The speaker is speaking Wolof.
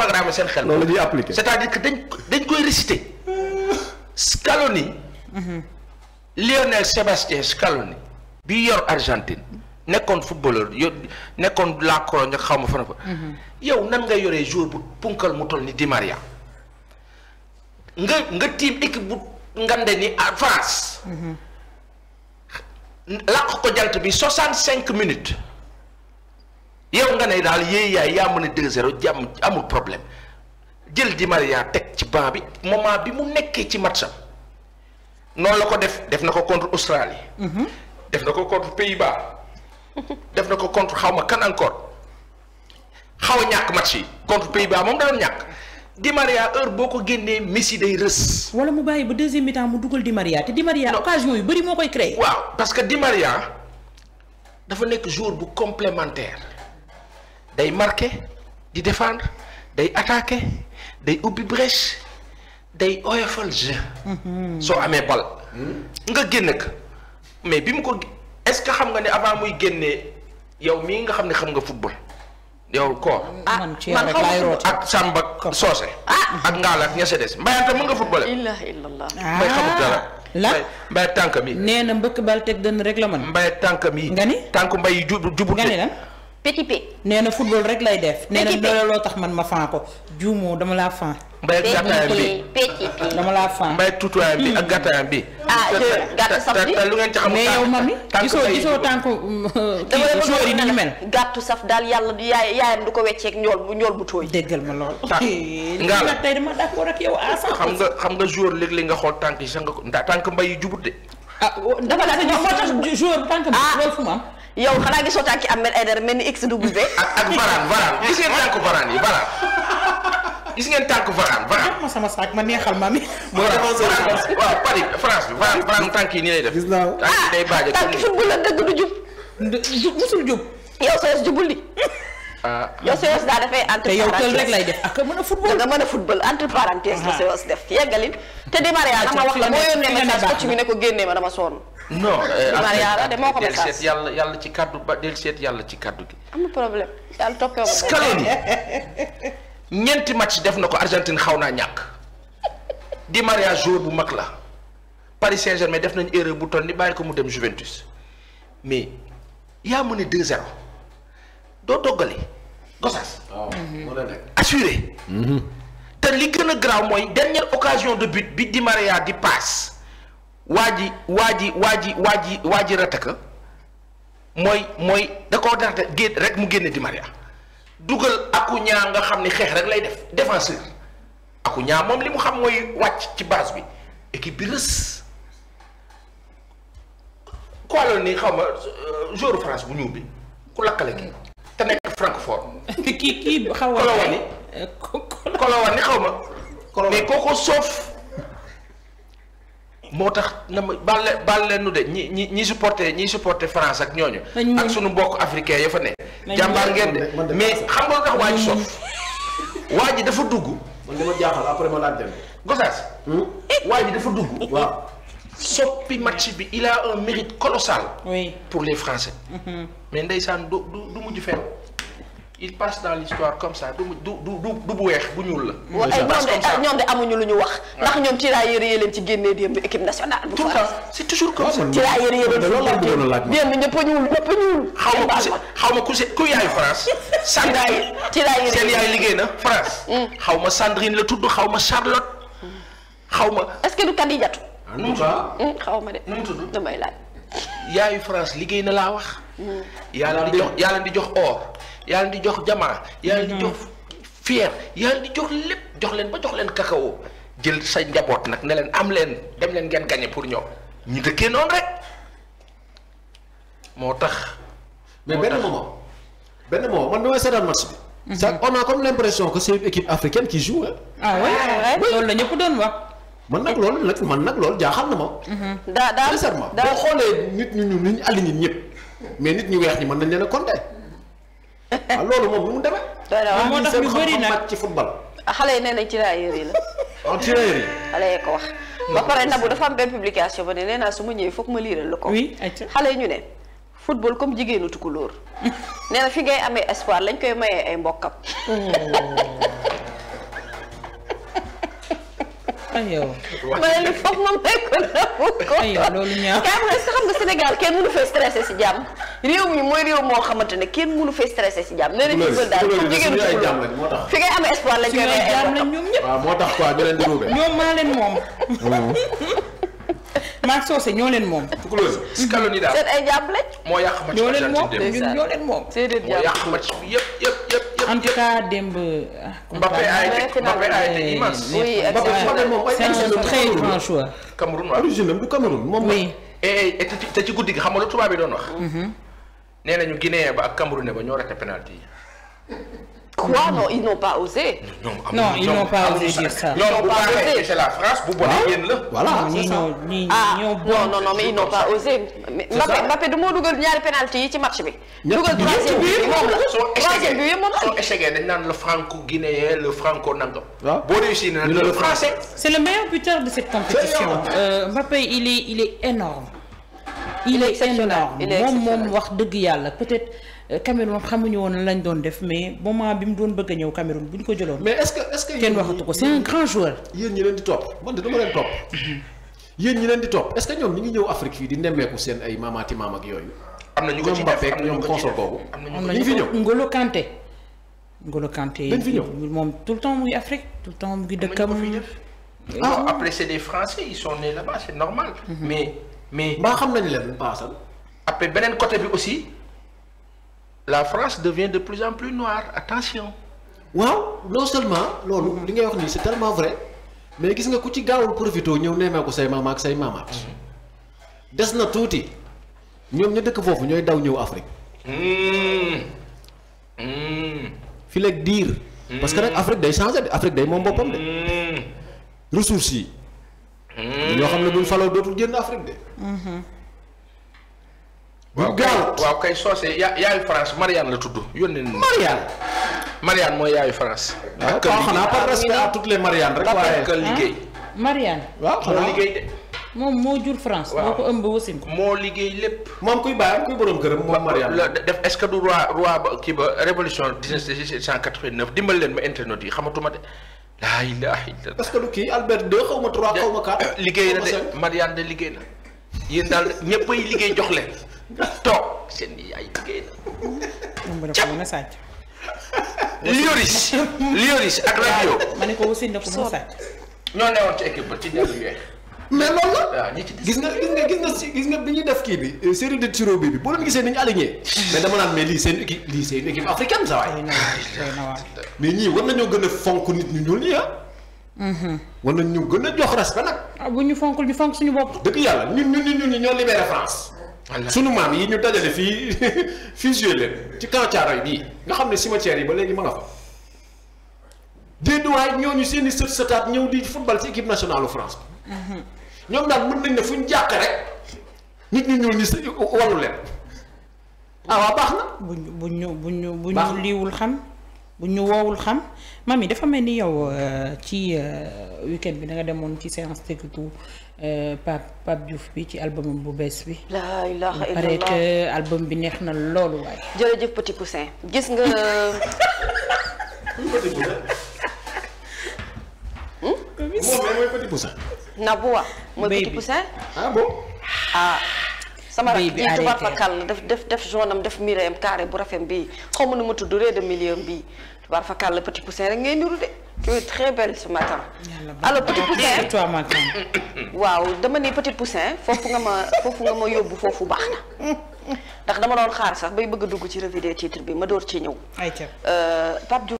programmer seen xel. loolu la appliquer c'est-à-dire que dañ dañ koy réciter. Scaloni. Lionel Sébastien Scaloni. bi yor Argentine. nekkoon footballeur yo nekkoon la Croix nga xaw ma mhm. ko jant bi soixante cinq minutes. yow nga ne daal yéey yaay yaa mën a 2-0 jàmm amul problème jël Di Maria teg ci banc bi moment bi mu nekkee ci match am noonu la ko def def na ko contre Australie. Mhm. def na ko contre Pays-Bas. def na ko contre xaw ma kan encore xaw a ñàkk match yi contre Pays-Bas moom da ñàkk Di Maria heure boo ko génnee Messi day rës. wala mu bàyyi ba deuxième mi-temps mu dugal Di Maria te Di Maria occasion yu bëri moo koy créé. waaw parce que Di Maria dafa nekk jour bu complémentaire. day marqué di défendre day attaqué day ubbi brèche day oyofal jeu. Mhm. soo amee bal. nga génn ko mais bi mu ko est-ce que xam nga ne avant muy génne yow mii nga xam ne xam nga football. yow ko ah man xaw ak Samba Soose. ah ak Ngalla ak ña des mbayante mën nga footballé. illah mbay xamut dara. Ah. la mbay tànk mi. nee na mbëkk bal teg dënn rek la man. mbay tànk mi. nga ni tànk mbay ju jubut. nga ni lan petit P. nee na football rek lay def. petit P loo tax man ma fan ko dama laa fan. mbay gàttaayam bi petit P dama laa fan. mbay bi ak hmm. ah, lu ngeen ci xam mais yow mami gisoo gisoo euh, yi ni mel. gàttu saf daal yàlla yaay yaayam du ko wecceeg njool bu njool bu tooy. déggal ma lool. nga la tey dama d'accord ak yow à xam nga xam nga joueur léeg nga xool tànk yi ko tànk mbay yi jubut de. ah dama la moo tax joueur tànk bi ah. loolu fu mu yow xanaa gisoo tàkki Ahmed Aidara mel ni XW. ak ak Varane Varane gis ngeen tànku Varane yi Varane gis ngeen tànku Varane Varane. jox sama saak ma neexal ma mi. moo tax waaw Paris France bi tànk yi nii lay def. gis day baaje tànk football la dëgg du jub. jub musul jub. yow sooy jubul li. ah yow Seyos daa dafay def a football da nga mën a football entre ah. parenthèses la def te démarré yaa ma moo yónnee message coach ne ko génnee ma dama sonn. non yàlla euh, ah, de yàlla yàlla ci kàddu ba del seet yàlla ci kàddu gi. amul problème yàlla toppee Scaloni match def na ko Argentine xaw naa ñàkk. Di Maria joueur bu mag la Paris Saint-Germain def nañ erreur bu toll ni bàyyi ko mu dem Juventus mais yaa mën a 2-0 doo doggali Gossas. Oh, assuré. Mhm. te li gën a grave mooy dernière occasion de but bi Di Maria di passe. waa ji waa ji waa ji waa ji waa ji rataka mooy mooy da koo dara génn rek mu génne di Maria dugal aku nga xam ni xeex rek lay def défenseur aku moom li mu xam mooy wàcc ci base bi équipe bi rës ku wàlloon ni xaw ma euh, joueur France bu ñuul bi ku xaw ma Colomani Colomani ma soof moo tax na ma baal leen baal leen nu de ñi ñi ñi supporté ñi supporté France ak ñooñu. ak suñu mbokk africain ya fa ne. jàmbaar ngeen de mais xam nga tax waa ji sof waa ji dafa dugg. man dama jaaxal après ma dem. Gosaas. Hmm? waa bi dafa dugg. waaw soppi match bi il a un mérite colossal. pour les Français. Mm-hmm. mais ndeysaan du du du mujj fenn. il passe dans l'histoire comme ça du du du du bu weex bu ñuul la. il passe comme ça ah, ñoom de amuñu lu ñu wax. ndax ñoom tirailleurs yi leen ci génnee démb équipe nationale. bu tout ça c'est toujours comme ça. tirailleurs yi liggéey na France. Mm. xaw ma Sandrine la tudd xaw ma Charlotte. xaw ma. est-ce que du Kadijatu. nu mu mm, tudd xaw ma de. nu mu tudd damay laaj. yaayu France liggéey na laa wax. Mm. yaa leen di jox yaa yaa leen di jox jamaa yaa leen di mm-hmm. jox fier yaa leen di jox lépp jox leen ba jox leen kakao jël sa njaboot nag ne leen am leen dem leen ngeen gañe pour ñoom ñu dëkkee noonu rek moo tax. mais benn moment benn moment man damay seetaan match bi. Mm-hmm. ça on a comme l'impression que c'est une ah loolu la ñëpp doon wax. man nag loolu nag man nag loolu jaaxal na ma. Mm-hmm. daa daa sincèrement boo xoolee nit ñu ñu ñu aligné ñëpp mais nit ñu weex ñi mën nañ leen a compter. waaw ah, loolu moom lu mu demee. loolu moo tax ñu bëri nag ci football. xale yi nee nañ tirailleurs la. ah tirailleurs xale yi ko wax. ba pare nabu dafa am benn publication ba ne nee naa su ma ñëwee fook ma liiral la ko. oui xale yi ñu ne. football comme jigéenu tukulóor. nee na fi ngay amee espoir lañ koy mayee ay mbokkam. Oh. aywa ma ne li foog moom teg ko ko. loolu ñaaw. xam nga Sénégal kenn mënu fee stressé si jàmm. réew mi mooy réew moo xamante ne kenn mënu fee stressé si jàmm. nee na ci bël daal comme jigéenu fi ngay amee espoir lañ jàmm lañ ñoom ñëpp moo tax quoi ñu leen maa leen moom. maa soose ñoo leen moom. Tukulóor si kàllu ni daal ay jàmm lañ. moo yàq ma ci ñoo leen moom ñun ñoo leen moom. séedéet jàmm moo yàq ma ci yëpp yëpp yëpp. en tout cas démb. Ah, Mbappé a été a été immense. oui c'est un très grand choix. Cameroun eh, eh, te ci guddi gi xam nga lu tubaab yi doon wax. Mm-hmm. nee nañu Guinéen ba ak Camerounais ba ñoo raté penalty yi. quoi non ils n'ont pas osé. non ils n'ont pas osé dire ça. ils pas osé bu bonee yéen la. ah non non non mais ils n'ont pas osé. Mbappé Mbappé du moo dugal ñaari penalty yi ci match bi. dugal troisième bi moom la troisième dañ naan le franco-guinéen le franco-nangam. waaw boo réussir na le français. c'est le meilleur buteur de cette compétition. Euh, Mbappé il il est énorme il est énorme moom moom wax dëgg yàlla peut-être euh, Cameroun xamuñu woon lan lañ doon def mais moment bi mu doon bëgg a ñëw Cameroun bu ñu ko jëloon. mais est-ce que est-ce kenn waxatu ko c'est grand joueur. yéen ñi leen di topp man de dama leen topp. Mhm. yéen ñi leen di topp est ñoom ñi ngi ñëw Afrique fii di nemmeeku seen ay maamaati maam yooyu. ñu ko ci def am na ñu ko ci def Ngolo Kanté. Ngolo Kanté moom tout le temps mu ngi Afrique tout le temps mu ngi dëkkam. Ah, ah après c'est des Français ils sont nés là-bas c'est normal mhm. mais mbaa xam nañ leen paasal. après beneen côté bi aussi la France devient de plus en plus noire attention. waaw non seulement loolu li ngay wax nii c'est tellement vrai mais gis nga ku ci gaawul profité ñëw nemmee ko say maama ak say maamaat. des na tuuti ñoom ñu dëkk foofu ñooy daw ñëw Afrique. Hmm. Hmm. fi leeg diir. parce que nag hmm. Afrique day changé de Afrique day moom boppam de. ressources yi. ñoo xam ne buñ faloo dootul génn Afrique de. waaw waaw kay soose ya yaayu France Marianne la tudd yon nañu. Marianne. Marianne mooy yaayu France. ak ah, kër liggéey xanaa par ah, respect à toutes les Marianne rek. waaye liggéey. waaw xanaa moom moo jur France. moo ko ëmb wasin ko. moo liggéey lépp. moom kuy bàyyam kuy borom këram moom Marianne. la def est-ce que du roi roi ba kii ba révolution 1789 dimbal leen ma internet yi xamatuma de. laa ilaaha illallaah. parce que du kii Albert II xaw ma trois xaw ma liggéey na de Marianne de liggéey na. yéen daal ñëpp ay liggéey jox leen toog seen yaay liggéey na. ca mën a sàcc. Lioris Lioris ak rajo. ma ne ko wasin na ko mën sàcc. ñoo newoon ci équipe ba ci ñaar yu weex. mais loolu la gis nga gis nga gis nga gis nga bi ñuy def kii bi euh, série de tiro bi bi boo leen gisee ni ñu aligné mais dama naan mais lii seen équipe lii seen équipe africaine sa waay mais ñii war nañoo gën a fonk nit ñu ñuul ñi ah Mm-hmm. war nañ ñu gën a jox respect nag. Ah, bu ñu fonkul ñu fonk suñu bopp. dëgg yàlla ñu ñu ñun ñun ñoo libéré France. suñu maam yi ñu dajale fii fii leen ci camp Thiaroye bii nga xam ne cimetière yi ba léegi ma nga fa. déedéewaay ñooñu seen i sët sëtaat ñëw di football ci équipe nationale de France. Mm-hmm. ñoom daal mën nañ ne fu ñu jàq rek nit ñu ñuul ñu sa walu leen. ah waaw baax na. buñ buñ ñu buñ ñu buñ ñu liiwul xam. bu ñu woowul xam mami dafa mel ni yow euh, ci euh, weekend bi da nga demoon ci séance tekkitu euh, Pape Pape Diouf bi ci album bu bees bi. laa ilaaha illallah paraît que album bi neex na loolu waaye. jërëjëf Petit Poussin gis nga. Petit Poussin. Nabuwa hmm? mooy Petit Poussin. ah bon. Ah. sama rak bii tubaab fakal daf def def jaune am def mireem bu rafet bi xaw ma nu ma tudd ree de milieu bii tubaab fakal la petit poussin rek ngay niru de tu es très belle ce matin. alors petit poussin waaw dama ni petit poussin foofu nga ma foofu nga ma yóbbu foofu baax na ndax dama doon xaar sax bay bëgg a dugg ci revue des titres bi ma door ci ñëw.